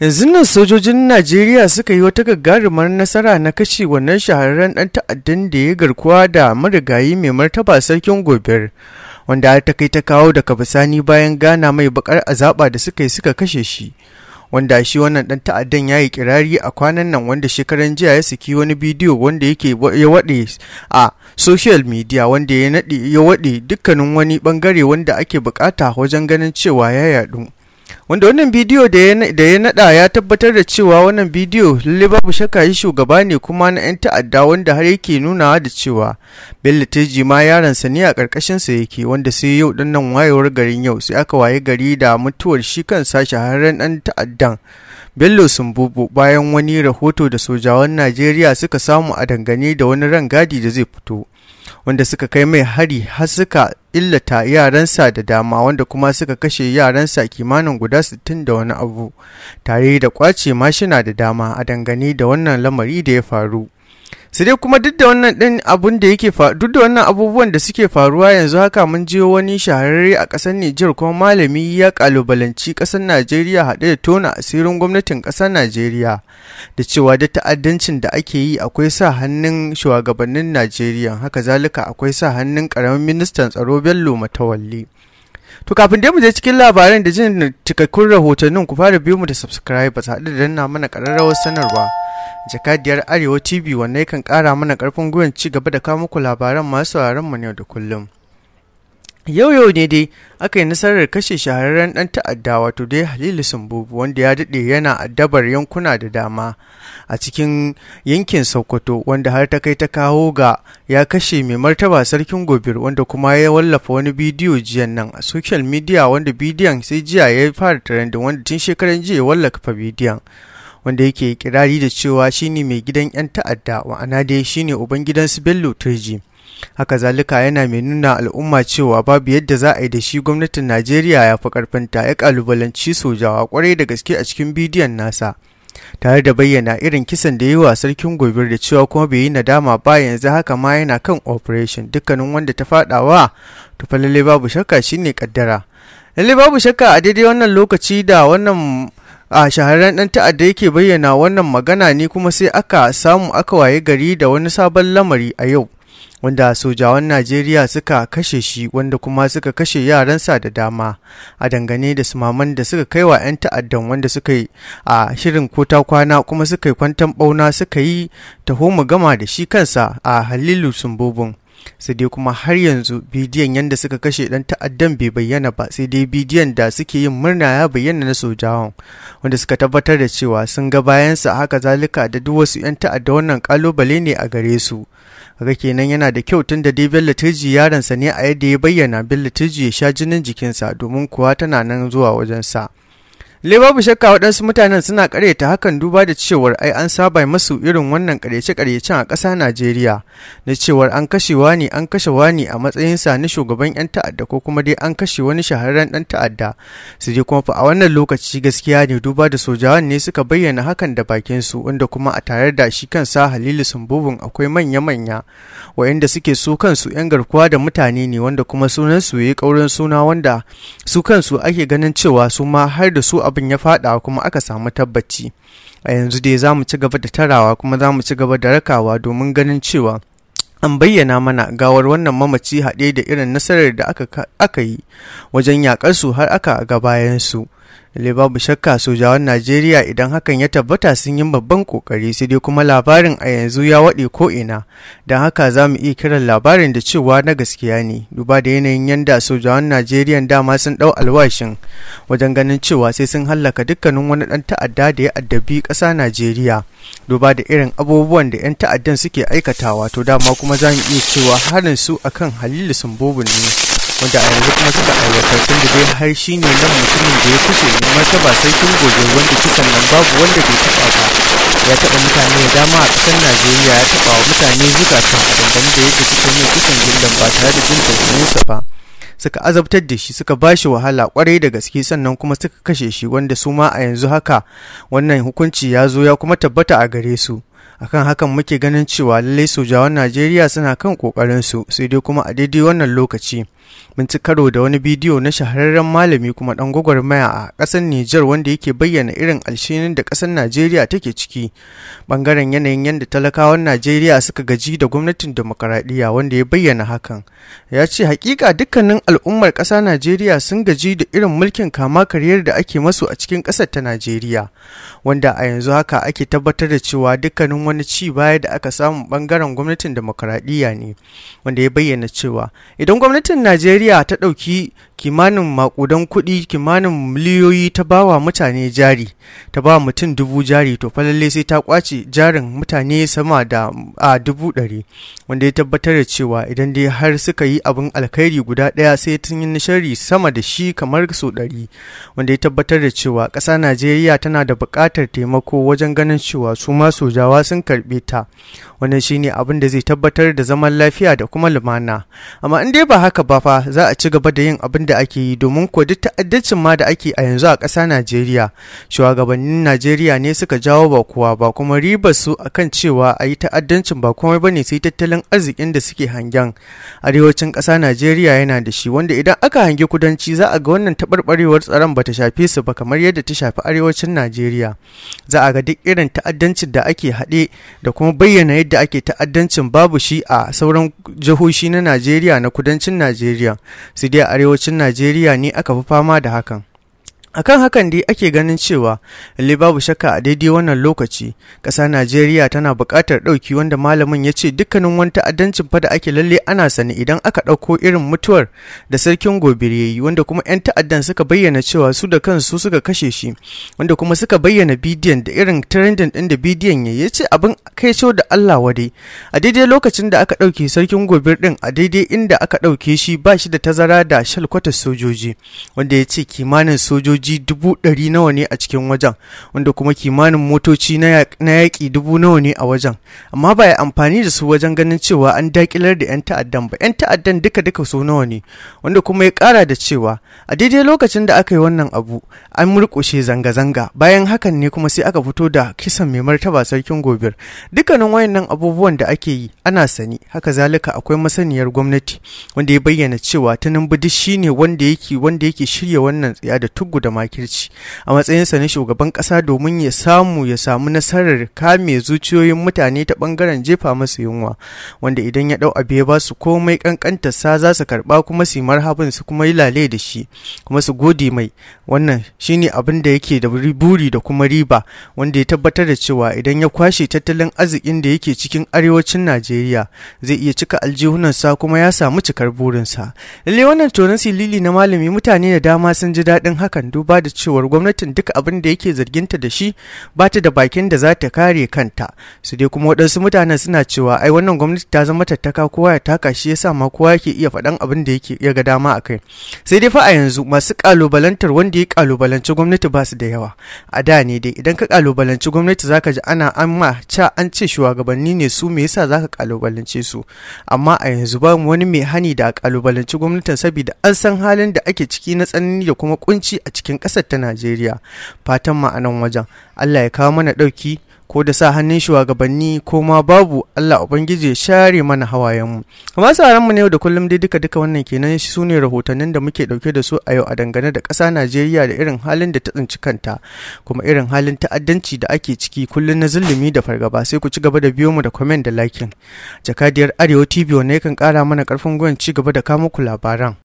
yanzu nan sojojin najeriya suka yi wata gagarumar nasara na kashe wannan shahararren ɗan ta'addan da ya garkuwa da marigayi mai martaba sarkin gobir wanda har ta kai ta kawo daga bisani bayan gana mai bakar azaba da suka yi suka kashe shi wanda shi wannan dan ta'addan ya yi kirari a kwanan nan wanda shekaran jiya ya saki wani bidiyo wanda yake ya wade a social media wanda ya nade ya wade dukkanin wani bangare wanda ake bukata wajen ganin cewa ya yaɗu. wanda wannan bidiyo da ya nada ya tabbatar da cewa wannan bidiyo lalle babu shakka shi shugaba ne kuma na 'yan ta'adda wanda har yake nunawa da cewa bello teji ma yaransa ne a karkashin sa yake wanda sai yau dan nan wayewar garin yau sai aka waye gari da mutuwar shi kan har ran ɗan ta'addan bello sumbubu bayan wani rahoto da sojawan najeriya suka samu a dangane da wani rangadi da zai fito wanda suka kai mai hari har suka illata yaransa da dama wanda kuma suka kashe yaransa kimanin guda sittin da wani abu tare da kwace mashina da dama a dangane da wannan lamari da ya faru sai dai kuma duk da wannan din abun da yake duk da wannan abubuwan da suke faruwa yanzu haka mun je wani shahararre a ƙasar Nijar kuma malami ya kalubalanci ƙasar Najeriya haɗe da tona asirin gwamnatin ƙasar Najeriya da cewa da ta'addancin da ake yi akwai sa hannun shugabannin Najeriya haka zalika akwai sa hannun ƙaramin ministan tsaro Bello Matawalle. To kafin dai mu je cikin labarin da jin cikakkun rahotannin ku fara biyo mu da subscribers haɗu da danna mana ƙararrawar sanarwa. jakadiyar arewa tv wanne kan kara mana karfin gwiwan ci gaba da kawo muku labaran masu sauraron mu yau da kullum yau yau ne dai aka yi nasarar kashe shahararren dan ta'adda wato dai halilu sumbubu wanda ya daɗe yana addabar yankuna da dama a cikin yankin sokoto wanda har ta kai ta kawo ga ya kashe mai martaba sarkin gobir wanda kuma ya wallafa wani bidiyo jiyan nan a social media wanda bidiyon sai jiya ya fara trending wanda tun shekaran jiya ya wallafa bidiyon wanda yake kirari da cewa shine mai gidan 'yan ta'adda wa'ana dai shine uban gidansu bello turji haka zalika yana mai nuna al'umma cewa babu yadda za a yi da shi gwamnatin najeriya ya fi karfinta ya kalubalanci sojawa kwarai da gaske a cikin bidiyon nasa tare da bayyana irin kisan da yi wa sarkin gobe da cewa kuma bai yi nadama ba yanzu haka ma yana kan operation dukkanin wanda ta faɗawa, to fa babu shakka shine kaddara lalle babu shakka a daidai wannan lokaci da wannan a shahararren ɗan ta'adda yake bayyana wannan magana ne kuma sai aka samu aka waye gari da wani sabon lamari a yau wanda sojawan najeriya suka kashe shi wanda kuma suka kashe yaransa da dama a dangane da sumaman da suka kai wa 'yan ta'addan wanda suka yi a shirin kota kwana kuma suka yi kwantan bauna suka yi taho mu gama da shi kansa a halilu sumbobin sai dai kuma har yanzu bidiyon yadda suka kashe dan ta'addan bai bayyana ba sai dai bidiyon da suke yin murna ya bayyana na sojawan wanda suka tabbatar da cewa sun ga bayansa haka zalika da duk wasu 'yan ta'adda wannan kalubale ne a gare su kaga kenan yana da kyau tun da dai bello yaronsa yaransa ne a yadda ya bayyana bello ya sha jinin jikinsa domin kuwa tana nan zuwa wajensa. sa babu shakka waɗansu mutanen suna ƙaryata hakan duba da cewar ai an saba masu irin wannan ƙaryace-ƙaryacen a ƙasa Najeriya na cewar an kashe wani an kashe wani a matsayinsa na shugaban 'yan ta'adda ko kuma dai an kashe wani shahararren ɗan ta'adda su dai kuma fa a wannan lokaci gaskiya ne duba da sojawan ne suka bayyana hakan da bakin su inda kuma a tare da shi kansa Halilu Sumbubun akwai manya-manya waɗanda suke su kansu 'yan garkuwa da mutane ne wanda kuma sunan ya yi ƙaurin suna wanda su kansu ake ganin cewa su ma har da su a abin ya fadawa kuma aka samu tabbaci a yanzu dai za mu ci gaba da tarawa kuma za mu ci gaba da rakawa domin ganin cewa an bayyana mana gawar wannan mamaci haɗe da irin nasarar da aka yi wajen yaƙarsu har aka ga bayansu Lalle babu shakka sojawan Najeriya idan hakan ya tabbata sun yi babban kokari sai dai kuma labarin a yanzu ya ko ina don haka za mu iya kiran labarin da cewa na gaskiya ne duba da yanayin yanda sojawan Najeriya dama sun ɗau alwashin wajen ganin cewa sai sun hallaka dukkanin wani ɗan ta'adda da ya addabi ƙasa Najeriya duba da irin abubuwan da 'yan ta'addan suke aikatawa to dama kuma za mu iya cewa harin su akan Halilu Sumbobin ne wanda a yanzu kuma suka aiwatar tun da dai har shi ne nan mutumin da ya kushe ba sai sarkin gobe wanda kisan nan babu wanda bai taɓa ba ya taɓa mutane da dama a kasar najeriya ya taba wa mutane zukata a dangane da yadda suka yi kisan gindan ba tare da jin tausayinsa ba suka azabtar da shi suka ba shi wahala kwarai da gaske sannan kuma suka kashe shi wanda su ma a yanzu haka wannan hukunci ya zo ya kuma tabbata a gare su akan hakan muke ganin cewa lallai sojawan najeriya suna kan kokarin su sai dai kuma a daidai wannan lokaci mun ci karo da wani bidiyo na shahararren malami kuma ɗan gwagwarmaya a ƙasar Nijar wanda yake bayyana irin alshinin da ƙasar Najeriya take ciki bangaren yanayin yadda talakawan Najeriya suka gaji da gwamnatin demokaradiyya wanda ya bayyana hakan ya ce hakika dukkanin al'ummar ƙasa Najeriya sun gaji da irin mulkin kama karyar da ake masu a cikin ƙasar ta Najeriya wanda a yanzu haka ake tabbatar da cewa dukkanin wani ci baya da aka samu bangaren gwamnatin demokaradiyya ne wanda ya bayyana cewa idan gwamnatin Najeriya ta ɗauki kimanin makudan kuɗi kimanin miliyoyi ta bawa mutane jari ta ba mutum dubu jari to falalle sai ta kwace jarin mutane sama da a dubu ɗari wanda ya tabbatar da cewa idan dai har suka yi abin alkhairi guda ɗaya sai tun yi nishari sama da shi kamar so ɗari wanda ya tabbatar da cewa ƙasa najeriya tana da buƙatar taimako wajen ganin cewa su ma sojawa sun karɓe ta wannan shine abin da zai tabbatar da zaman lafiya da kuma lumana amma in dai ba haka ba fa za a ci gaba da yin abin da da ake yi domin kuwa duk ta'addancin ma da ake a yanzu a ƙasa Najeriya shugabannin Najeriya ne suka jawo ba kuwa ba kuma riba su akan cewa a yi ta'addancin ba komai ba ne sai tattalin arzikin da suke hangen arewacin ƙasa Najeriya yana da shi wanda idan aka hangi kudanci za a ga wannan taɓarɓarewar tsaron ba ta shafe su ba kamar yadda ta shafi arewacin Najeriya za a ga duk irin ta'addancin da ake haɗe da kuma bayyana yadda ake ta'addancin babu shi a sauran jihohi na Najeriya na kudancin Najeriya sai dai arewacin Najeriya ne aka fi fama da hakan. akan hakan dai ake ganin cewa lalle babu shakka a daidai wannan lokaci ƙasa najeriya tana buƙatar ɗauki wanda malamin ya ce dukkanin wani ta'addancin fa da ake lalle ana sani idan aka ɗauko irin mutuwar da sarkin gobe ya yi wanda kuma 'yan ta'addan suka bayyana cewa su da kansu suka kashe shi wanda kuma suka bayyana bidiyon da irin trending ɗin da bidiyon ya ya ce abin kai da allah wadai a daidai lokacin da aka ɗauke sarkin gobe ɗin a daidai inda aka ɗauke shi ba shi da tazara da shalkwatar sojoji wanda ya ce kimanin sojoji sojoji dubu ɗari nawa ne a cikin wajen wanda kuma kimanin motoci na yaƙi dubu nawa ne a wajen amma ba ya amfani da su wajen ganin cewa an daƙilar da 'yan ta'addan ba 'yan ta'addan duka duka so nawa ne wanda kuma ya kara da cewa a daidai lokacin da aka yi wannan abu an murƙushe zanga-zanga bayan hakan ne kuma sai aka fito da kisan mai martaba sarkin gobir dukkanin wayannan abubuwan da ake yi ana sani haka zalika akwai masaniyar gwamnati wanda ya bayyana cewa tinubu budi shine wanda yake wanda yake shirya wannan tsaya da tuggu da makirci a matsayinsa na shugaban ƙasa domin ya samu ya samu nasarar kame zuciyoyin mutane ta ɓangaren jefa masu yunwa wanda idan ya ɗau abu ya ba su komai ƙanƙantarsa za su karɓa kuma su yi marhabin su kuma yi lale da shi kuma su gode mai wannan shine abin da yake da buri da kuma riba wanda ya tabbatar da cewa idan ya kwashe tattalin arzikin da yake cikin arewacin Najeriya zai iya cika aljihunansa kuma ya samu cikar burinsa. Lalle wannan tonon silili na malami mutane da dama sun ji daɗin hakan do? duba da cewar gwamnatin duk abin da yake zarginta da shi ba ta da bakin da za ta kare kanta su dai kuma waɗansu mutanen suna cewa ai wannan gwamnati ta zama tattaka kowa ya taka shi sa ma kowa yake iya faɗan abin da yake ya ga dama a kai sai dai fa a yanzu masu kalubalantar wanda ya kalubalanci gwamnati ba su da yawa a da ne dai idan ka kalubalanci gwamnati zaka ji ana an ma ca an ce shugabanni ne su me yasa zaka kalubalance su amma a yanzu ba wani mai hani da kalubalanci gwamnatin saboda an san halin da ake ciki na tsanani da kuma kunci a cikin cikin ƙasar ta najeriya fatan ma ma'anan wajen allah ya kawo mana ɗauki ko da sa hannun shugabanni ko ma babu Allah Ubangiji ya share mana hawayenmu. Amma sauran mu ne da kullum dai duka duka wannan kenan shi sune rahotannin da muke dauke da su a yau a dangane da ƙasa Najeriya da irin halin da ta tsinci kanta kuma irin halin ta'addanci da ake ciki kullum na zulumi da fargaba sai ku ci gaba da biyo mu da comment da liking. Jakadiyar Arewa TV wannan kan kara mana karfin gwiwa ci gaba da kawo ku labaran.